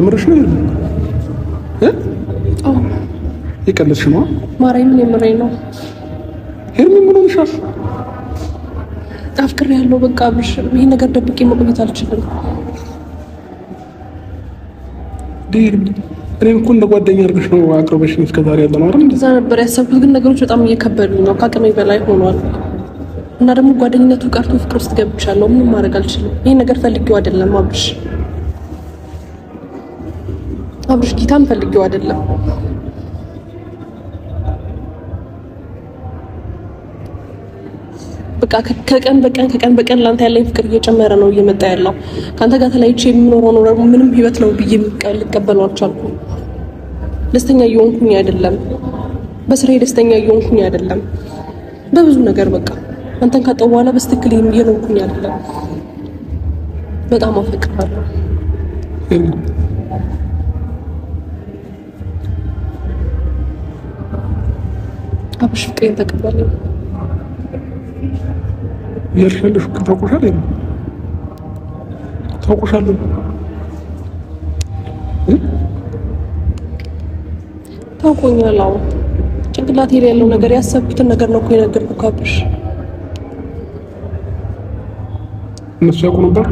የምርሽ ነው እ አዎ የቀለድሽ ነው ማርያም። ምን የምሬን ነው ሄርሚ። ምን ሆነሻል? አፍቅር ያለው በቃ አብርሽ፣ ይሄ ነገር ደብቄ መቆየት አልችልም። ዴር እኔም እኮ እንደ ጓደኛ አድርገሽ ነው አቅርበሽ እስከዛሬ ያለ ነው አይደል? እንደዛ ነበር ያሰብኩት፣ ግን ነገሮች በጣም እየከበዱኝ ነው፣ ከአቅሜ በላይ ሆኗል። እና ደግሞ ጓደኝነቱ ቀርቶ ፍቅር ውስጥ ገብቻለሁ። ምንም ማድረግ አልችልም። ይሄ ነገር ፈልጌው አይደለም አብርሽ አብርሽ ጌታን ፈልጌው አይደለም። በቃ ከቀን በቀን ከቀን በቀን ላንተ ያለኝ ፍቅር እየጨመረ ነው እየመጣ ያለው። ከአንተ ጋር ተለያይቼ የምኖረው ነው ደግሞ ምንም ህይወት ነው ብዬ ልቀበለው አልቻልኩም። ደስተኛ እየሆንኩኝ አይደለም። በስራዬ ደስተኛ እየሆንኩኝ አይደለም። በብዙ ነገር በቃ አንተን ካጣሁ በኋላ በስትክክል እየኖርኩኝ አይደለም። በጣም አፈቅራለሁ። አባትሽ ፍቅሬን ተቀበለ ያልሻለሽ ግን ታውቆሻል ይ ታውቆሻል ታውቆኛል አዎ ጭንቅላት ሄድ ነገር ያሰብኩትን ነገር ነው እኮ የነገርኩህ አብሽ እነሱ ያውቁ ነበር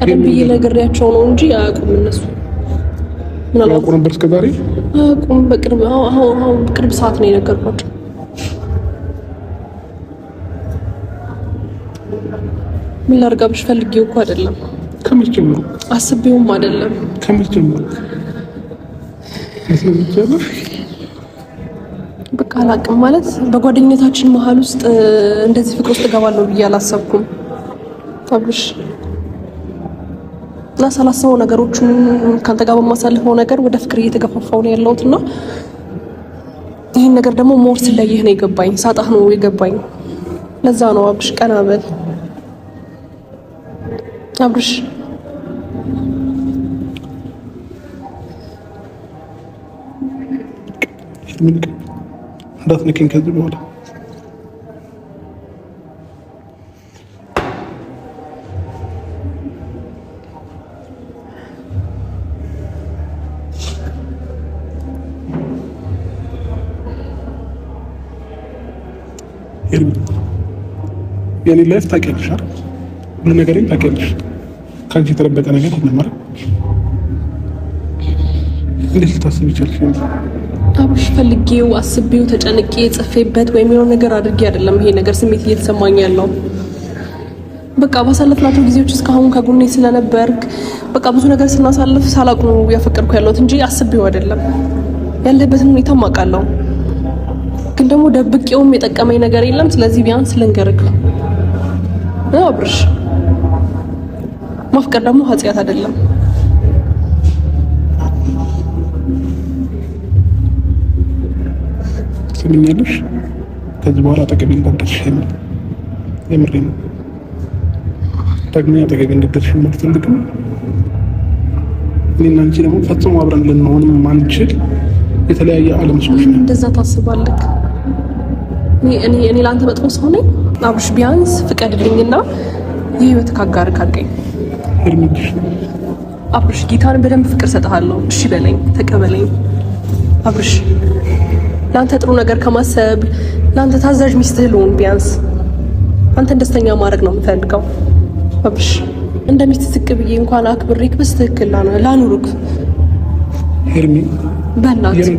ቀደም ብዬ ነግሬያቸው ነው እንጂ አያውቁም እነሱ ምናልባት ነበር እስከዛሬ አያውቁም። በቅርብ ቅርብ ሰዓት ነው የነገርኳቸው። ምን ላድርጋብሽ ፈልጌው እኮ አይደለም። ጀምሮ አስቤውም አይደለም። ከመች ጀምሮ በቃ ማለት በጓደኝነታችን መሀል ውስጥ እንደዚህ ፍቅር ውስጥ እገባለሁ ብዬ አላሰብኩም። አብርሽ ላሰላስበው ነገሮችን ካንተ ጋር በማሳልፈው ነገር ወደ ፍቅር እየተገፋፋው ነው ያለሁት እና ይህን ነገር ደግሞ ሞር ስለይህ ነው የገባኝ፣ ሳጣህ ነው የገባኝ። ለዛ ነው አብርሽ፣ ቀና በል አብርሽ። እንዳትነኪኝ ከዚህ በኋላ አይገናኝም። የኔ ላይፍ ታውቂያለሽ አይደል? ሁሉ ታውቂያለሽ። ከአንቺ የተደበቀ ነገር የለም እንዴት ልታስብ ይቻልሽ? አብሽ ፈልጌው አስቤው ተጨንቄ ጽፌበት ወይም የሆነ ነገር አድርጌ አይደለም። ይሄ ነገር ስሜት እየተሰማኝ ያለው በቃ ባሳለፍናቸው ጊዜዎች እስካሁን ከጎኔ ስለነበርክ በቃ ብዙ ነገር ስናሳልፍ ሳላቁ ያፈቀድኩ ያለሁት እንጂ አስቤው አይደለም። ያለበትን ሁኔታ አውቃለሁ። ግን ደግሞ ደብቄውም የጠቀመኝ ነገር የለም። ስለዚህ ቢያንስ ልንገርህ አብርሽ፣ ማፍቀር ደግሞ ኃጢአት አይደለም። ትሰምኛለሽ? ከዚህ በኋላ ጠቅም እንዳትደርሺ የምሬ ነው። ዳግመኛ አጠገቤ እንዳትደርሺ ማለት ትልቅም እኔና አንቺ ደግሞ ፈጽሞ አብረን ልንሆንም ማንችል የተለያየ ዓለም ሰዎች ነው። እንደዛ ታስባለህ? እኔ ለአንተ መጥፎ ሰው ነኝ አብርሽ፣ ቢያንስ ፍቀድልኝና የህይወት ካጋር ካድርገኝ አብርሽ። ጌታን በደንብ ፍቅር ሰጥሃለሁ። እሺ በለኝ፣ ተቀበለኝ አብርሽ። ለአንተ ጥሩ ነገር ከማሰብ ለአንተ ታዛዥ ሚስትህ ልሆን ቢያንስ አንተን ደስተኛ ማድረግ ነው የምፈልገው አብርሽ። እንደ ሚስት ዝቅ ብዬ እንኳን አክብሬክ በስትክክል ላኑሩክ ሄርሚ፣ በእናትህ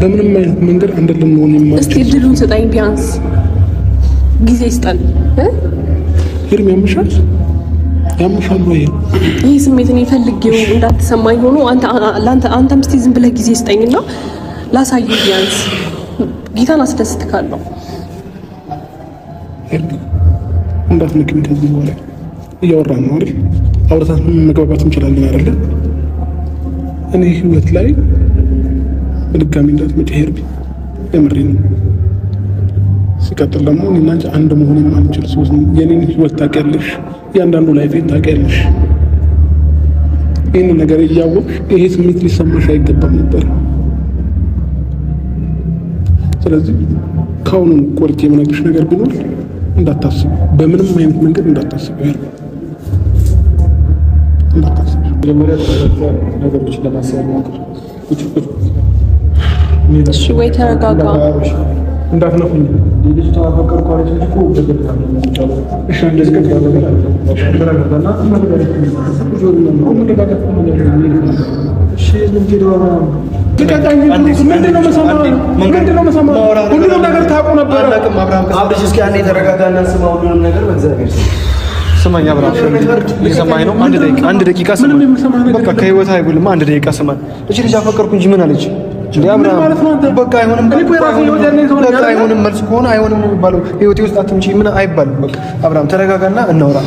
በምንም አይነት መንገድ አንድ ልንሆን የማንችል። እስቲ እድሉን ስጠኝ፣ ቢያንስ ጊዜ ስጠን። ሄርም ያምሻል፣ ያምሻል ወይ ይህ ስሜት እኔ ፈልጌው እንዳትሰማኝ ሆኖ አንተ አንተም እስቲ ዝም ብለህ ጊዜ ስጠኝና ላሳዩ ቢያንስ ጌታን አስደስትካለሁ። እንዳትንክም ከዚህ በኋላ እያወራን ነው አይደል? አውርታት መግባባት እንችላለን አይደለ? እኔ ህይወት ላይ በድጋሚ እንዳትመጪ ሄርቢ፣ የምሬ ነው። ሲቀጥል ደግሞ እኔና አንድ መሆን የማንችል ሰዎች የኔን ህይወት ታውቂያለሽ፣ እያንዳንዱ ላይፌን ታውቂያለሽ። ይህን ነገር እያወቅሽ ይሄ ስሜት ሊሰማሽ አይገባም ነበር። ስለዚህ ከአሁኑ ቆርጬ የምነግርሽ ነገር ቢኖር እንዳታስብ፣ በምንም አይነት መንገድ እንዳታስብ ሄርቢ እንዳታስብ። መጀመሪያ ነገሮችን ለማሰብ ሞክር እሱ ወይ ተረጋጋ። እንዳትነኩኝ ልጅቷ ፈቀር ነው? አንድ ደቂቃ ስማኝ። በቃ ከህይወት አይጉልማ። አንድ ደቂቃ ስማኝ። እቺ ልጅ አፈቀርኩ እንጂ ምን አለች? አይሆንም፣ አይሆንም፣ መልስ ከሆነ አይሆንም ነው የሚባለው። ህይወቴ ውስጥ አትምጪ ምን አይባልም። በቃ አብርሃም ተረጋጋና እናውራ።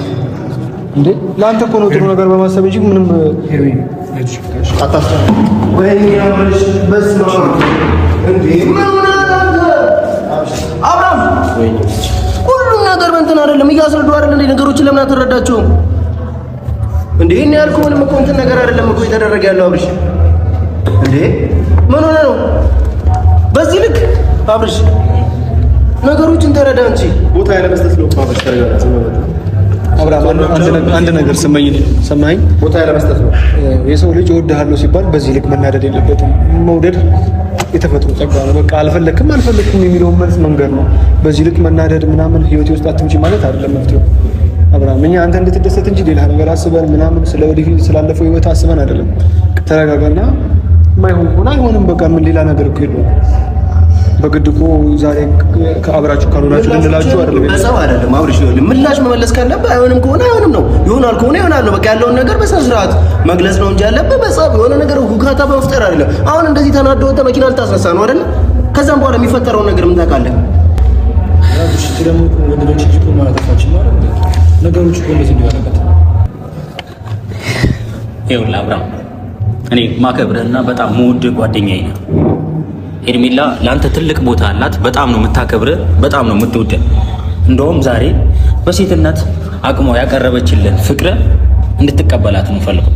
እንዴ ለአንተ እኮ ነው ጥሩ ነገር በማሰብ እንጂ ምንም ሁሉም ነገር በእንትን አይደለም፣ እያስረዱ አይደል እንዴ? ነገሮችን ለምን አትረዳቸውም እንዴ? እኔ ያልኩህ ምንም እኮ እንትን ነገር አይደለም እኮ የተደረገ ያለው አብርሽ እንዴ ምን ሆነ ነው በዚህ ልክ አብርሽ ነገሮችን ተረዳ እንጂ ቦታ ያለ መስጠት ነው። አብርሽ ተረዳ። አንድ ነገር ስመኝ ሰማኝ። ቦታ ያለ መስጠት ነው። የሰው ልጅ እወድሃለሁ ሲባል በዚህ ልክ መናደድ የለበትም። መውደድ የተፈጥሮ ጸጋ ነው። በቃ አልፈለክም አልፈለክም የሚለውን መልስ መንገድ ነው። በዚህ ልክ መናደድ ምናምን ህይወቴ ውስጥ አትምጪ ማለት አይደለም መፍትሄው። አብርሃም እኛ አንተ እንድትደሰት እንጂ ሌላ ነገር አስበን ምናምን ስለ ወደፊት ስላለፈው ህይወት አስበን አይደለም። ተረጋጋና አይሆንም። በቃ ምን ሌላ ነገር እኮ የለውም። በግድ እኮ ዛሬ አብራችሁ ካልሆናችሁ ልንላችሁ አይደለም። በሰው አይደለም አብርሽ፣ ይኸውልህ ምላሽ መመለስ ካለብህ አይሆንም ከሆነ አይሆንም ነው፣ ይሆናል ከሆነ ይሆናል ነው። በቃ ያለውን ነገር በስነ ስርዓት መግለጽ ነው እንጂ ያለብህ በጸብ የሆነ ነገር ሁካታ በመፍጠር አይደለም። አሁን እንደዚህ ተናዶ ወጥተህ መኪና ልታስነሳ ነው አይደለ? ከዛም በኋላ የሚፈጠረውን ነገር ምን ታውቃለህ? ነገሮች ይኸውልህ አብራም እኔ ማከብርህና በጣም መውድህ ጓደኛዬ ነው። ሄርሜላ ለአንተ ትልቅ ቦታ አላት። በጣም ነው የምታከብርህ፣ በጣም ነው የምትወደህ። እንደውም ዛሬ በሴትነት አቅሟ ያቀረበችልን ፍቅር እንድትቀበላት ነው ፈልገው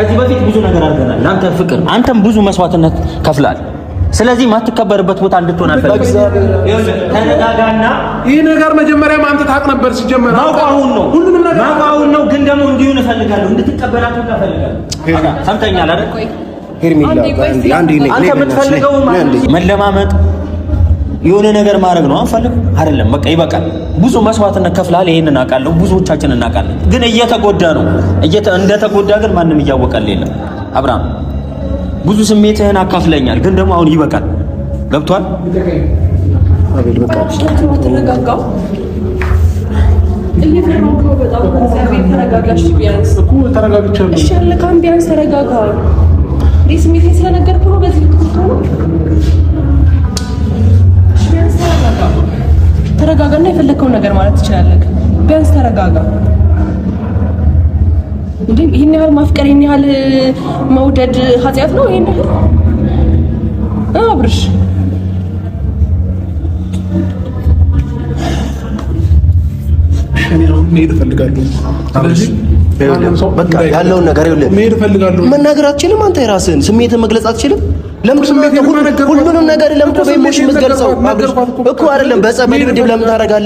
ከዚህ በፊት ብዙ ነገር አድርገናል። አንተ ፍቅር፣ አንተም ብዙ መስዋዕትነት ከፍላል። ስለዚህ ማትከበርበት ቦታ እንድትሆን አልፈልግም። ተነጋጋና ይህ ነገር መጀመሪያ ማንተ ታውቅ ነበር። ሲጀመር ማውቃውን ነው ሁሉንም ነገር ማውቃውን ነው። ግን ደግሞ እንዲሁ እፈልጋለሁ እንድትቀበላት እፈልጋለሁ። ሰምተኛል አይደል? ሄርሜላ አንተ የምትፈልገው መለማመጥ የሆነ ነገር ማድረግ ነው አንፈልግ አይደለም። በቃ ይበቃል። ብዙ መስዋዕትነት ከፍላል። ይሄን እናውቃለሁ፣ ብዙዎቻችን እናውቃለን። ግን እየተጎዳ ነው። እንደተጎዳ ግን ማንም እያወቀል የለም። አብርሃም ብዙ ስሜትህን አካፍለኛል፣ ግን ደግሞ አሁን ይበቃል። ገብቷል። አቤል በቃ ተረጋግቻለሁ። ተናገርና የፈለግከውን ነገር ማለት ትችላለህ። ቢያንስ ተረጋጋ። እንዴ ይህን ያህል ማፍቀር፣ ይህን ያህል መውደድ ኃጢአት ነው? ይህን ያህል አብርሽ መሄድ እፈልጋለሁ። በቃ ያለውን ነገር መሄድ እፈልጋለሁ። መናገር አትችልም? አንተ የራስህን ስሜትን መግለጽ አትችልም? ለምን ሁሉንም ነገር ለምን በኢሞሽን የምትገልጸው እኮ አይደለም? በጸብ ምድብ ለምን ታደርጋለህ?